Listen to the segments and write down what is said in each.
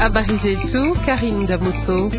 Habari zetu Karim Damoso.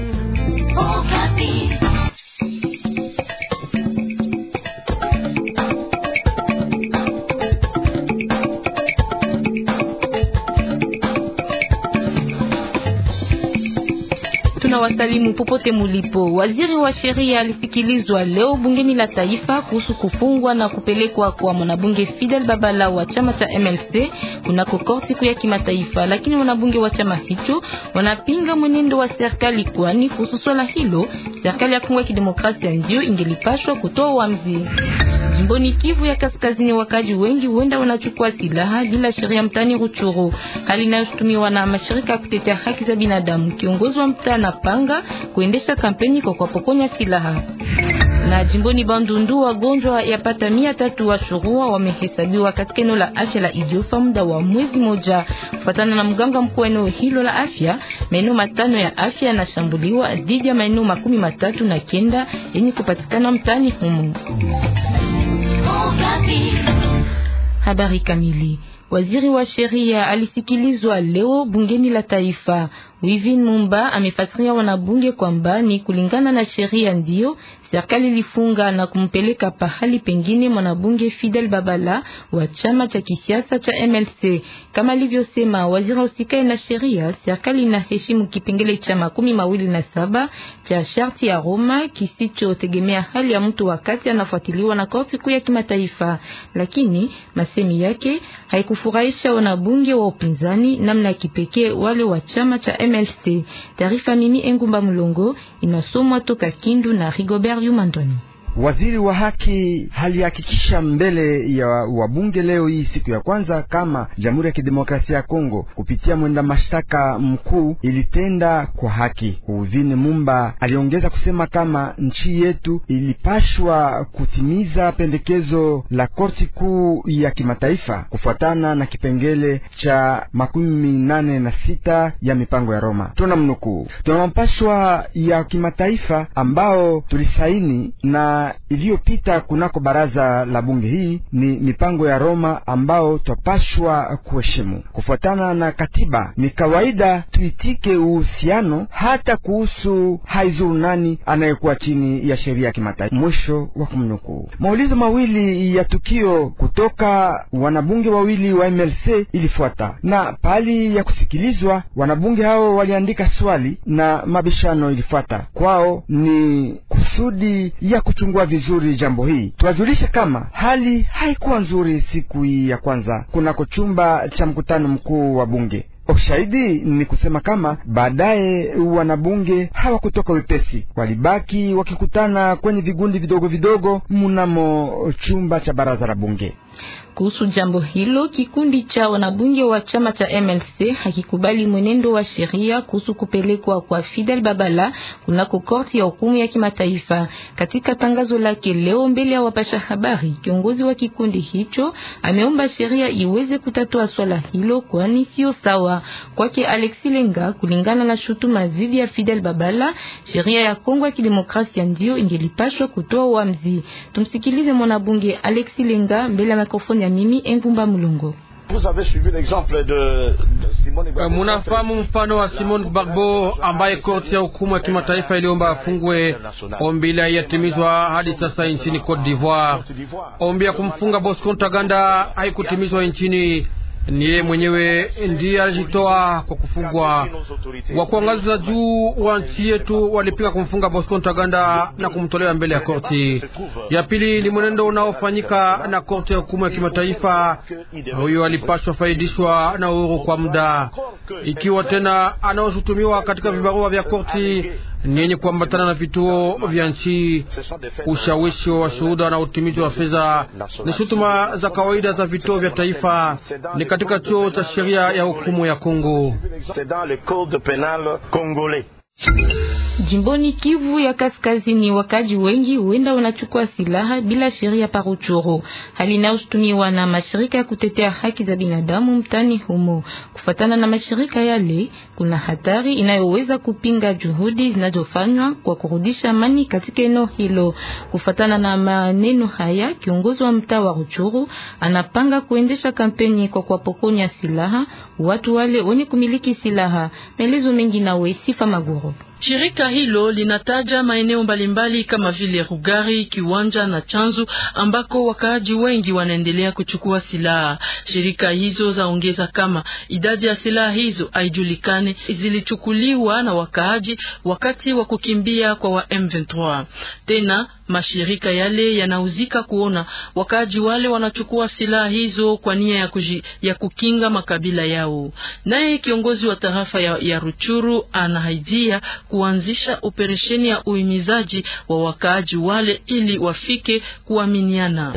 na wasalimu popote mulipo. Waziri wa sheria alisikilizwa leo bungeni la taifa kuhusu kufungwa na kupelekwa kwa mwanabunge Fidel Babala wa chama cha MLC kunako korti kuu ya kimataifa, lakini wanabunge wa chama hicho wanapinga mwenendo wa serikali, kwani kuhusu swala hilo serikali ya Kongo ya Kidemokrasia ndio ingelipashwa kutoa uamuzi. Jimboni Kivu ya Kaskazini, wakaji wengi huenda wanachukua silaha bila sheria mtani Ruchuru, hali inayoshutumiwa na mashirika ya kutetea haki za binadamu. Kiongozi wa mtaa na panga kuendesha kampeni kwa kuwapokonya silaha. Na jimboni Bandundu, wagonjwa yapata mia tatu wa shurua wamehesabiwa katika eneo la afya la Idiofa muda wa mwezi moja, kufuatana na mganga mkuu wa eneo hilo la afya. Maeneo matano ya afya yanashambuliwa dhidi ya maeneo makumi matatu na kenda yenye kupatikana mtaani humo. Habari kamili. Waziri wa sheria alisikilizwa leo bungeni la taifa. Wivin Mumba amefasiria wanabunge kwamba ni kulingana na sheria ndio serikali ilifunga na kumpeleka pahali pengine mwanabunge Fidel Babala wa chama cha kisiasa cha MLC. Kama alivyosema waziri usikae na sheria, serikali inaheshimu kipengele cha makumi mawili na saba cha sharti ya Roma kisichotegemea hali ya mtu wakati anafuatiliwa na korti kuu ya kimataifa, lakini masemi yake haikufurahisha wanabunge wa upinzani, namna ya kipekee wale wa chama cha MLC. MLC. Taarifa mimi Engumba Mulongo inasomwa toka Kindu na Rigobert Yumandoni. Waziri wa haki halihakikisha mbele ya wabunge leo hii siku ya kwanza kama Jamhuri ya Kidemokrasia ya Kongo kupitia mwenda mashtaka mkuu ilitenda kwa haki. Uvini Mumba aliongeza kusema kama nchi yetu ilipashwa kutimiza pendekezo la korti kuu ya kimataifa kufuatana na kipengele cha makumi nane na sita ya mipango ya Roma. Tuna mnukuu, tuna mapashwa ya kimataifa ambao tulisaini na iliyopita kunako baraza la bunge. Hii ni mipango ya Roma ambao twapashwa kuheshimu kufuatana na katiba. Ni kawaida tuitike uhusiano hata kuhusu haizuru nani anayekuwa chini ya sheria ya kimataifa. Mwisho wa kumnukuu. Maulizo mawili ya tukio kutoka wanabunge wawili wa MLC ilifuata, na pahali ya kusikilizwa wanabunge hao waliandika swali na mabishano ilifuata. Kwao ni kusudi ya kuchungu kuchambua vizuri jambo hii. Tuwajulishe kama hali haikuwa nzuri siku hii ya kwanza kunako chumba cha mkutano mkuu wa bunge. Ushahidi ni kusema kama baadaye wanabunge hawakutoka wepesi, walibaki wakikutana kwenye vigundi vidogo vidogo munamo chumba cha baraza la bunge. Kuhusu jambo hilo, kikundi cha wanabunge wa chama cha MLC hakikubali mwenendo wa sheria kuhusu kupelekwa kwa Fidel Babala kunako korti ya hukumu ya kimataifa. Katika tangazo lake leo mbele ya wapasha habari, kiongozi wa kikundi hicho ameomba sheria iweze kutatua swala hilo, kwani sio sawa kwake Alexi Lenga. Kulingana na shutuma dhidi ya Fidel Babala, sheria ya Kongo ya kidemokrasia ndio ingelipashwa kutoa uamuzi. Tumsikilize mwanabunge Alexi Lenga mbele ya microphone ya Mimi Engumba Mulongo. Eh, munafahamu mfano wa Simon Gbagbo ambaye korti ya hukumu ya kimataifa iliomba afungwe. Ombi ile haiyatimizwa hadi sasa nchini Cote d'Ivoire. Ombi ya kumfunga Bosco Ntaganda haikutimizwa nchini ni yeye mwenyewe ndiye alijitoa kwa kufungwa. Wakuangaza juu wa nchi yetu walipinga kumfunga Bosco Ntaganda na kumtolewa mbele ya korti. Ya pili ni mwenendo unaofanyika na korti ya hukumu ya kimataifa. Huyo alipashwa faidishwa na uhuru kwa muda, ikiwa tena anaoshutumiwa katika vibarua vya korti nenye kuambatana na vituo vya nchi, ushawishi wa washuhuda na utimizi wa fedha ni shutuma za kawaida za vituo vya taifa, ni katika chuo cha sheria ya hukumu ya Kongo. Jimboni Kivu ya Kaskazini, wakaji wengi huenda wanachukua silaha bila sheria pa Rutshuru, hali inayoshtumiwa na mashirika ya kutetea haki za binadamu mtani humo. Kufatana na mashirika yale, kuna hatari inayoweza kupinga juhudi zinazofanywa kwa kurudisha amani katika eneo hilo. Kufatana na maneno haya, kiongozi wa mtaa wa ruchuru anapanga kuendesha kampeni kwa kuwapokonya silaha watu wale wenye kumiliki silaha. Maelezo mengi na Wesifa Maguru. Shirika hilo linataja maeneo mbalimbali kama vile Rugari, Kiwanja na Chanzu ambako wakaaji wengi wanaendelea kuchukua silaha. Shirika hizo zaongeza kama idadi ya silaha hizo haijulikane, zilichukuliwa na wakaaji wakati wa kukimbia kwa wa M23. Tena mashirika yale yanahuzika kuona wakaaji wale wanachukua silaha hizo kwa nia ya, kuji, ya kukinga makabila yao. Naye kiongozi wa tarafa ya, ya Ruchuru anahaidia kuanzisha operesheni ya uhimizaji wa wakaaji wale ili wafike kuaminiana.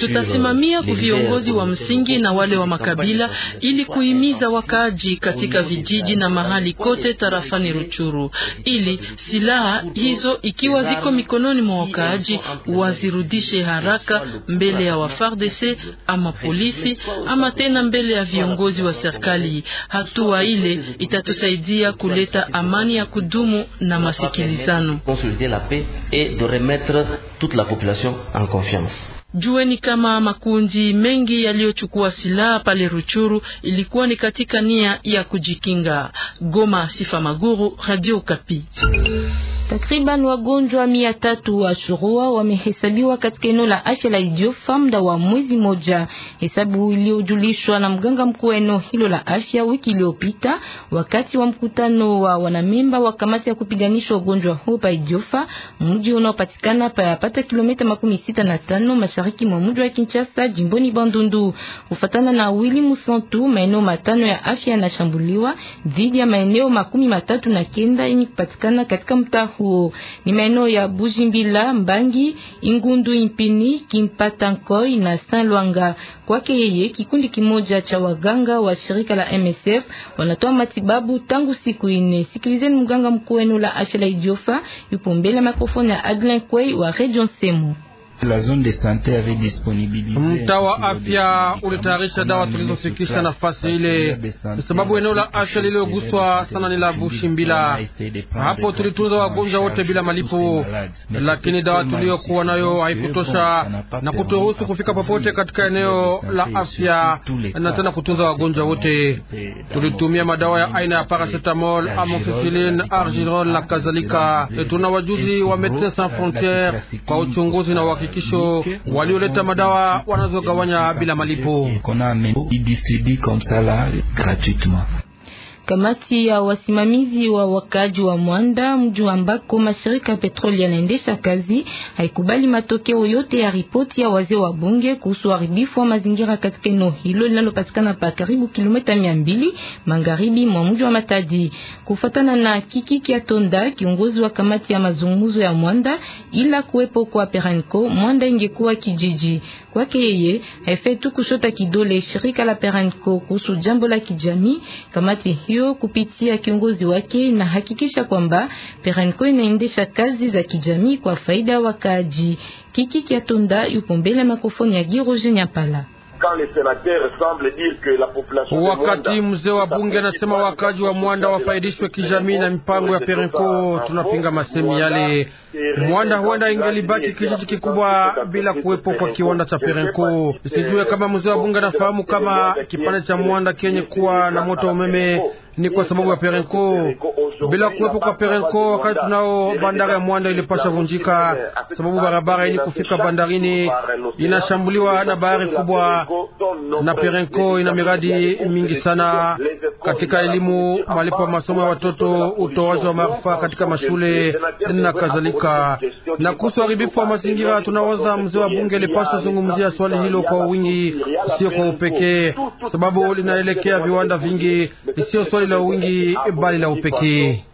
Tutasimamia euh, viongozi wa msingi na wale wa makabila ili kuhimiza wakaaji katika vijiji na mahali kote tarafani Ruchuru ili silaha hizo ikiwa ziko mikononi mwa wakaaji wazirudishe haraka mbele ya wafardese ama polisi ama tena mbele ya viongozi wa serikali. Hatua ile itatusaidia kuleta amani amani ya kudumu na masikilizano. Jueni kama makundi mengi yaliyochukua silaha pale Ruchuru ilikuwa ni katika nia ya kujikinga. Goma, Sifa Maguru, Radio Kapi. Takriban wagonjwa mia tatu wa shurua wamehesabiwa katika eneo la afya la Idiofa muda wa mwezi moja, hesabu iliyojulishwa na mganga mkuu wa eneo hilo la afya wiki iliyopita wakati wa mkutano wa wanamemba wa kamati ya kupiganisha ugonjwa huu pa Idiofa, mji unaopatikana pa pata kilomita makumi sita na tano mashariki mwa mji wa Kinshasa jimboni Bandundu. Kufatana na Willy Musantu, maeneo matano ya afya yanashambuliwa dhidi ya maeneo makumi matatu na kenda yenye kupatikana katika mtaa huo ni maeneo ya Bujimbila, Mbangi, Ingundu, Impini, Kimpata, Nkoi na San Lwanga. Kwake yeye, kikundi kimoja cha waganga wa shirika la MSF wanatoa matibabu tangu siku ine. Sikilizeni mganga mkuu wenu la afya la Idiofa, yupo mbele ya mikrofoni ya Adlin Kwei wa Region Nsemo. Mtaa wa afya ulitayarisha dawa tulizofikisha nafasi ile, sababu eneo la afya lililoguswa sana ni la Bushimbila. Hapo tulitunza wagonjwa wote bila malipo, lakini dawa tuliyokuwa nayo haikutosha na kutoruhusu kufika popote katika eneo la afya na tena kutunza wagonjwa wote. Tulitumia madawa ya aina ya paracetamol, amoxicillin, argirol na kadhalika. Tuna wajuzi wa Medecins Sans Frontieres kwa uchunguzi na uhakiki hakikisho walioleta madawa wanazogawanya bila malipo. Kamati ya wasimamizi wa wakaji wa Mwanda, mji ambako mashirika petroli yanaendesha kazi, haikubali matokeo yote ya ripoti ya wazee wa bunge kuhusu uharibifu wa mazingira katika eneo hilo linalopatikana pa karibu kilomita 200 magharibi mwa mji wa Matadi. Kufuatana na Kiki Tonda, kiongozi wa kamati ya mazungumzo ya Mwanda, ila kuwepo kwa Peranco, Mwanda ingekuwa kijiji. Kwake yeye, haifai tu kushota kidole shirika la Peranco kuhusu jambo la kijamii. Kamati hiyo kupitia kiongozi wake inahakikisha kwamba Perenco inaendesha kazi za kijamii kwa faida ya wakaaji. Kiki Tunda yupo mbele makofoni ya Giroje Nyapala. Wakati mzee wa bunge anasema wakaji wa Mwanda wafaidishwe kijamii na mipango ya Perenco, tunapinga masemi yale. Mwanda huenda ingelibaki kijiji kikubwa bila kuwepo kwa kiwanda cha Perenco. Sijue kama mzee wa bunge anafahamu kama kipande cha Mwanda kenye kuwa na moto umeme ni kwa sababu ya Perenco. Bila kuwepo kwa Perenco, wakati tunao bandari ya Mwanda ilipasha vunjika, sababu barabara ili kufika bandarini inashambuliwa na bahari kubwa, na Perenco ina miradi mingi sana katika elimu, malipo ya masomo ya watoto, utoaji wa maarifa katika mashule na kadhalika. Na kuhusu uharibifu wa mazingira, tunawaza mzee wa bunge alipaswa zungumzia swali hilo kwa wingi, sio kwa upekee, sababu linaelekea viwanda vingi, sio swali swali la wingi bali la upekee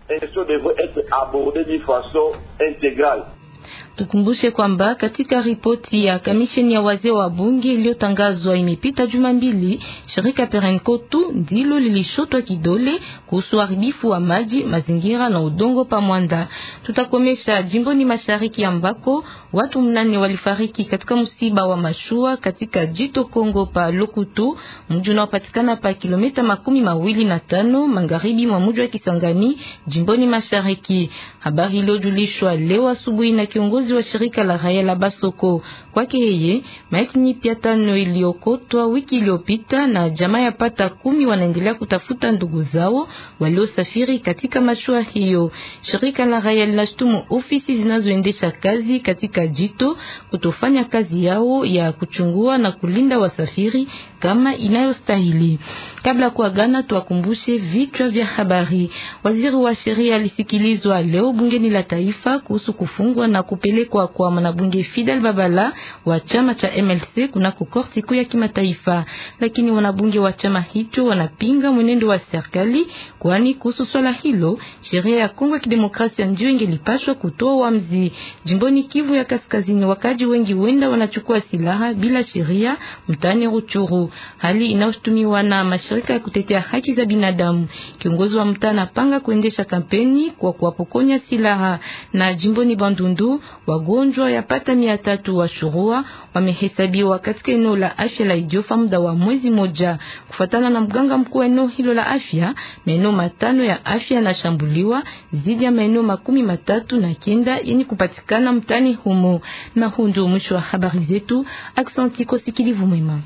Tukumbushe kwamba katika ripoti ya kamisheni ya wazee wa bunge iliyotangazwa imepita juma mbili, shirika Perenco tu ndilo lilishotwa kidole kuhusu uharibifu wa maji, mazingira na udongo pa Mwanda. Tutakomesha jimboni mashariki ambako watu mnane walifariki katika msiba wa mashua katika jito Kongo pa Lokutu, mji unaopatikana pa kilomita makumi mawili na tano magharibi mwa mji wa Kisangani, jimboni mashariki. Habari iliyojulishwa leo asubuhi na kiongozi wa shirika la raia la Basoko. Kwake yeye, maiti ni pia tano iliyokotwa wiki iliyopita na jamaa ya pata kumi wanaendelea kutafuta ndugu zao waliosafiri katika mashua hiyo. Shirika la raia linashutumu ofisi zinazoendesha kazi katika jito kutofanya kazi yao ya kuchungua na kulinda wasafiri kama inayostahili. Kabla kuagana, tuwakumbushe vichwa vya habari. Waziri wa sheria alisikilizwa leo bungeni la taifa kuhusu kufungwa na kupelekwa kwa mwanabunge Fidel Babala wa chama cha MLC kunako korti kuu ya kimataifa, lakini wanabunge wa chama hicho wanapinga mwenendo wa serikali, kwani kuhusu swala hilo sheria ya Kongo ya Kidemokrasia ndio ingelipashwa kutoa uamuzi. Jimboni Kivu ya Kaskazini, wakaji wengi wenda wanachukua silaha bila sheria mtaani Ruchuru, hali inayotumiwa na mashirika ya kutetea haki za binadamu. Kiongozi wa mtaa anapanga kuendesha kampeni kwa kuwapokonya silaha. Na jimboni Bandundu wagonjwa yapata mia tatu wa shurua wamehesabiwa katika eneo la afya la Idiofa muda wa mwezi moja, kufuatana na mganga mkuu wa eneo hilo la afya. Maeneo matano ya afya yanashambuliwa zidi ya maeneo makumi matatu na kenda yenye kupatikana mtani humo. Na huu ndio mwisho wa habari zetu. Aksanti kwa mwema.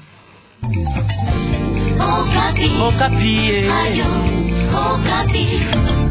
Okapi. Okapi. Eh. Ayo, Okapi.